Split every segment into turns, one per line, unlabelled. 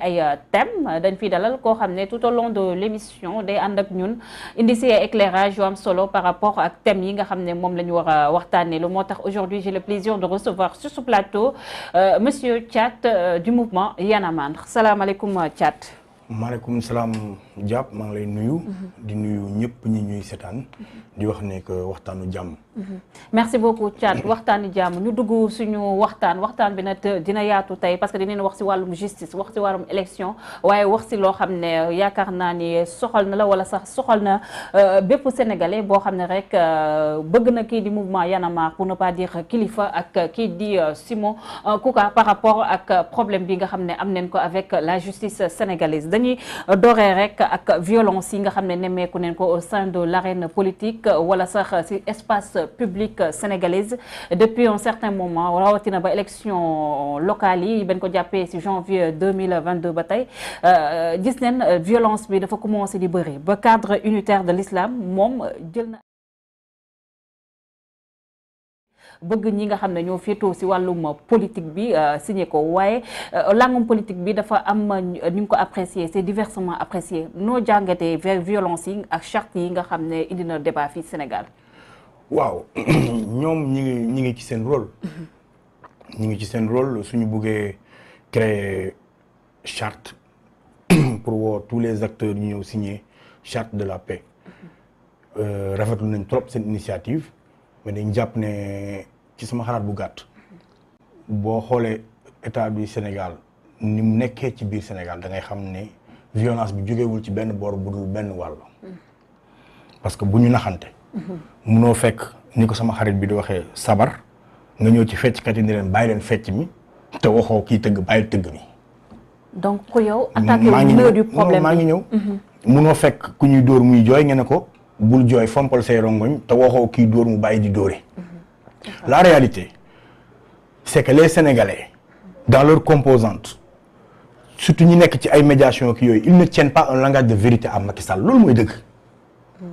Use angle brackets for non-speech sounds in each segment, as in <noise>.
ay euh, thème dañ fi dalal koo xam ne tout au long de l'émission day ànd ak ñun indi si éclairage yu am solo par rapport ak thème yi nga xam ne moom la ñu war a waxtaanee lu moo tax aujourd'hui j'ai le plaisir de recevoir sur ce plateau euh, monsieur Thiat euh, du mouvement Y'en a marre salaamaaleykum euh, Thiat
maaleykum salaam jàpp maa ngi lay nuyu. Mhm. di nuyu ñëpp ñu ñuy seetaan. Mhm. di wax ne que waxtaanu jàmm.
Mhm. merci beaucoup Thiat waxtaanu jàmm ñu dugg suñu waxtaan waxtaan bi nag dina yaatu tey parce que dinañ wax si wàllum justice wax si wàllum élection waaye wax si loo xam ne yaakaar naa ni soxal na la wala sax soxal na euh, bépp sénégalais boo xam ne rek euh, bëgg na kii di mouvement Y'en a marre pour ne pas dire Kilifeu ak kii di euh, Simon Kouka par rapport ak problème bi nga xam ne am nañ ko avec la justice sénégalaise. dañuy doree rek ak violence yi nga xam ne nemmeeku neen ko au sein de l'arène politique wala sax ci espace public sénégalaise depuis un certain moment rawatina ba élection locale yi ben ko jàppee ci janvier deux ba tey euh, gis neen violence bi dafa commencé di bëri ba cadre unitaire de l'islam moom jël na bëgg ñi nga xam ne ñoo féetoo si wàllum politique bi euh, signé ko waaye euh, langum politique bi dafa am euh, ni nga ko apprécié c'est diversement apprécié noo jàngatee violence yi ak charte yi nga xam ne indi na débat fii Sénégal
waaw <clears throat> ñoom ñi ngi ñi ngi ci seen rôle mhm. ñi ngi ci seen rôle suñu buggee créer charte <clears throat> pour woo tous les acteurs ñu ñëw signer charte de la paix mhm. rafetlu nañ trop seen initiative mais dañ jàpp ne ci sama xalaat bu gàtt boo xoolee état du Sénégal ni mu nekkee ci biir Sénégal dangay xam ne violence bi jógewul ci benn boor bu dul benn wàll. parce que bu ñu naxante. munoo fekk ni ko sama xarit bi di waxee sabar nga ñëw ci fecc yi ni leen bàyyi leen fecc mi te waxoo kii tëgg bàyyi tëgg mi.
donc ku yow attaqué du problème maa ngi ñëw mhm.
munoo fekk ku ñuy dóor muy jooy nga ne ko bul jooy fompal say rongoñ te waxoo kii dóor mu bàyyi di dóore. La réalité, c'est que les Sénégalais, dans leur composante, surtout ñi nekk ci ay médiation ki yooyu ils ne tiennent pas un langage de vérité à Macky Sall loolu mooy dëgg hmm.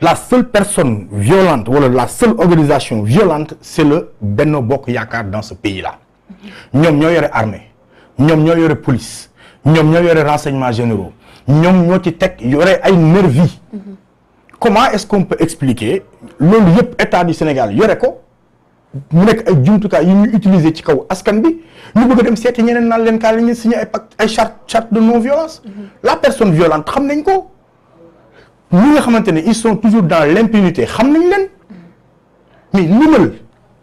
la seule personne violente wala la seule organisation violente c'est le Benno Bokk Yaakaar dans ce pays là ñoom ñoo yore armée ñoom ñoo yore police ñoom ñoo yore renseignements généraux ñoom ñoo ci teg yore ay nervi hmm. comment est-ce qu'on peut expliquer loolu yëpp état du Sénégal yore ko mu nekk ay jumtukaay yu ñuy utiliser ci kaw askan bi ñu bëgg dem seeti ñeneen naan leen kaa la ñuy signé ay pacte ay charte charte de non violence mm-hmm. la personne violente xam nañ ko ñi nga xamante ne ils sont toujours dans l'impunité xam nañ leen mm-hmm. mais limal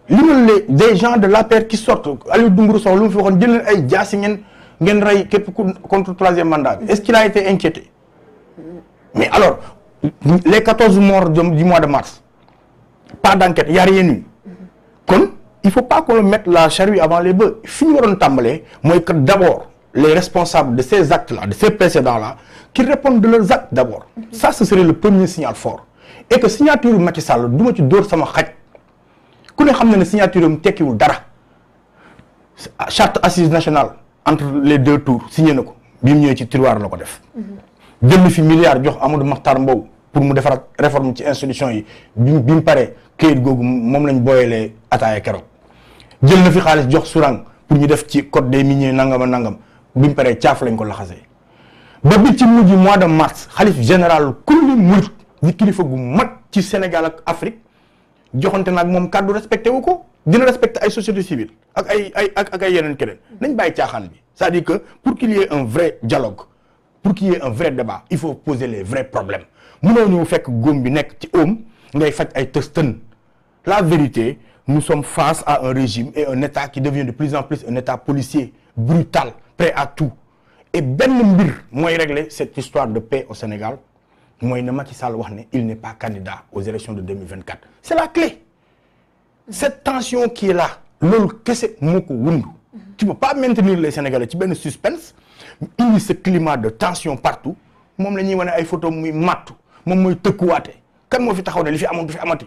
limal les des gens de l'APR qui sortent Aliou Doungourou Sow lu mu fi waxoon jël leen ay jaasi ngeen ngeen rey képp contre troisième mandat bi est-ce qu'il a été mm-hmm. mais alors les quatorze morts du mois de mars pas d'enquête y a rien eu kon il faut pas qu'on mette la charrue avant les ba fi ñu waroon tàmbalee mooy que d'abord les responsables de ces actes là de ces précédents là qui répondent de leurs actes d'abord mhm. ça ce serait le premier signal fort et que signature Macky Sall du ma ci dóor sama xaj ku ne xam na ne signature am tekkiwul dara charte assise nationale entre les deux tours signé na ko bi mu ñëwee ci tiroir la ko def mhm. jënd fi milliard jox Amadou maxtar Mbow pour mu defaraat réforme ci institution yi bi bi mu paree këyit googu moom lañ booyalee ataaya keroog jël na fi xaalis jox Sourang pour ñu def ci code des miniers nangam a nangam bi mu paree caaf lañ ko laxasee ba bi ci mujj mois de mars xalif général kulli murit di kilifa gu mag ci Sénégal ak Afrique joxante nag moom kàddu respecté wu ko dina respecté ay société civile ak ay ay ak ay yeneen keneen nañ bàyyi caaxaan bi c'est-à-dire pour qu'il un vrai dialogue pour qu'il y ait un vrai débat il faut poser les vrais problèmes mënoo ñëw fekk góom bi nekk ci oom ngay faj ay tëstën la vérité nous sommes face à un régime et un état qui devient de plus en plus un état policier brutal prêt à tout et benn mbir mooy régler cette histoire de paix au Sénégal mooy na Macky Sall wax ne il n'est pas candidat aux élections de 2024 c'est la clé cette tension qui est là loolu kese moo ko wundu tu peux pas maintenir les Sénégalais ci benn suspense indi ce climat de tension partout moom la ñuy wane ay photo muy màttu moom mooy tëkkuwaate kan moo fi taxaw ne li fi amoon fi amati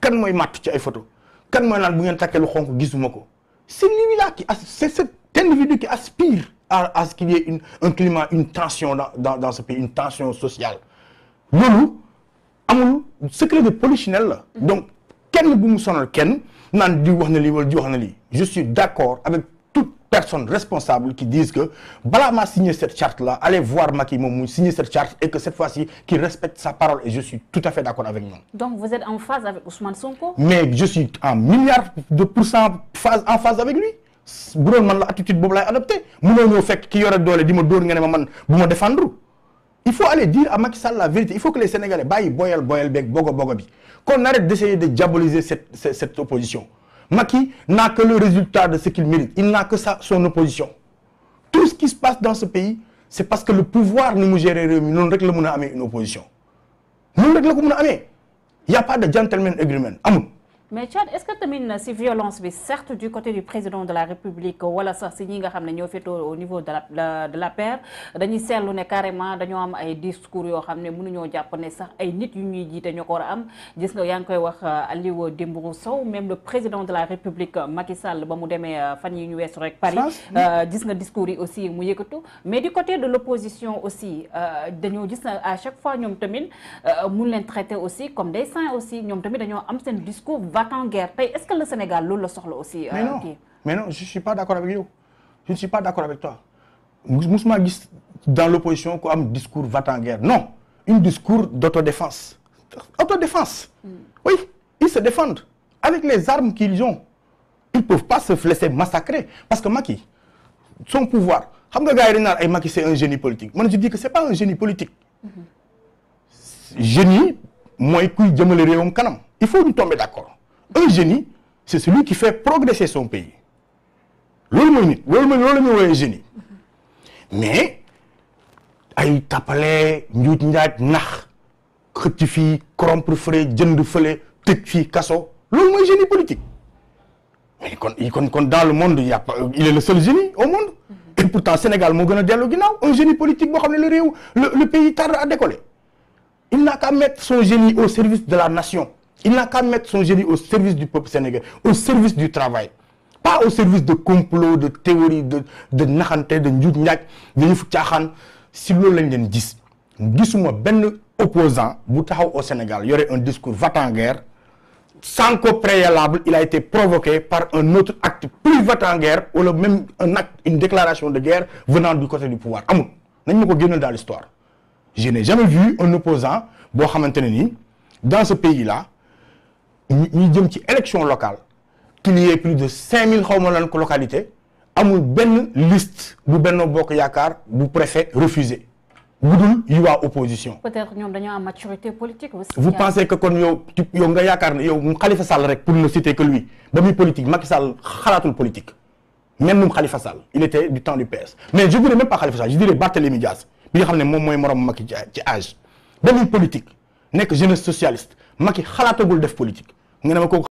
kan mooy màttu ci ay photo kan mooy naan bu ngeen takkee lu xonk gisuma ko c'est lui là qui c'est cet individu qui aspire à à ce qu'il y ait un climat une tension dans dans dans une tension sociale loolu amul secret de polichinelle la mm-hmm. donc kenn bu mu sonal kenn naan di wax na lii wala di wax na lii je suis d'accord avec personnes responsables qui disent que balaa maa signer cette charte là allez voir Macky moom mu signer cette charte et que cette fois-ci qu'il respecte sa parole et je suis tout à fait d'accord avec ñoom.
donc vous êtes en phase avec Ousmane Sonko.
mais je suis en milliard de pour cent en phase avec lui bu man la attitude boobu laay adopté mënoo ñëw fekk ki yore doole di ma dóor nga ne man bu ma défendre. il faut aller dire à Macky Sall la vérité il faut que les Sénégalais bàyyi boyal boyal beeg bogo bogo bi qu'on arrête Macky n'a que le résultat de ce qu'il mérite. Il n'a que ça, son opposition. Tout ce qui se passe dans ce pays, c'est parce que le pouvoir nous gère nous ne une opposition. Nous ne une opposition. Il n'y a pas de gentleman agreement.
mais Tchad est-ce que tamit si violence bi certes du côté du président de la République wala sax si ñi nga xam ne ñoo féetoo au niveau de la de la paire dañuy seetlu ne carrément dañoo am ay discours yoo xam ne mënuñoo jàpp ne sax ay nit yu ñuy jiite ñoo ko am gis nga yaa ngi koy wax euh, Aliou Dembourou Sow même le président de la République euh, Macky Sall ba mu demee euh, fan yi ñu weesu rek Paris gis nga discours yi aussi mu yëkkatu mais du côté de l'opposition aussi dañoo gis à chaque fois ñoom tamit mun leen traiter aussi comme des saints aussi ñoom tamit dañoo am seen discours battre est-ce que le Sénégal loolu la soxla aussi. Euh, mais non
mais non je suis pas d'accord avec yow je ne suis pas d'accord avec toi musuma gis dans l'opposition ku discours va-t-en guerre non un discours d'autodéfense autodéfense mm. oui ils se défendent avec les armes qu'ils ont ils peuvent pas se laisser massacrer parce que Macky son pouvoir xam nga gars yi ay Macky c'est un génie politique man je dis que c'est pas un génie politique mm-hmm. génie mooy kuy jëmale réewam kanam il faut ñu tomber un génie c'est celui qui fait progresser son pays loolu mooy nit loolu mooy loolu la ñuy woowee génie mais ay tappale njuuj njaaj nax xëcc fii corrompre fële jënd fële tëj fii kaso loolu mooy génie politique mais kon kon kon dans le monde y a pas il est le seul génie au monde et pourtant Sénégal moo gën a dellu ginnaaw un génie politique boo xam ne le réew le pays tarde à décoller il n'a qu'à mettre son génie au service de la nation Il n'a qu'à mettre son génie au service du peuple sénégalais, au service du travail. Pas au service de complots, de théories, de, de nahanté, de n'yudnyak, de yufutchahan. Si l'on l'a dit, dis-moi ben opposant, Boutahou au Sénégal, il aurait un discours va-t-en-guerre, sans qu'au préalable, il a été provoqué par un autre acte plus va-t-en-guerre, ou le même un acte, une déclaration de guerre venant du côté du pouvoir. Amour, nous dans l'histoire. Je n'ai jamais vu un opposant, dans ce ñu jëm ci élection local qu'il y ait plus de cinq mille xaw ma lan ko localité amul benn liste bu Benno Bokk Yaakaar bu préfet refusé budul yi waa opposition.
peut-être ñoom dañoo am maturité vous
pensez que kon yow nga yaakaar ne yow mu Khalifa Sall rek pour ne citer que lui ba muy politique Macky Sall xalaatul politique même moom Khalifa Sall il était du temps du PS mais je dirais même pas Khalifa Sall je dirais Barthélémy Dias bi nga xam ne moom mooy moroom Macky ci âge ba muy politique nekk jeunesse socialiste xalaatagul def politique. nga ne ma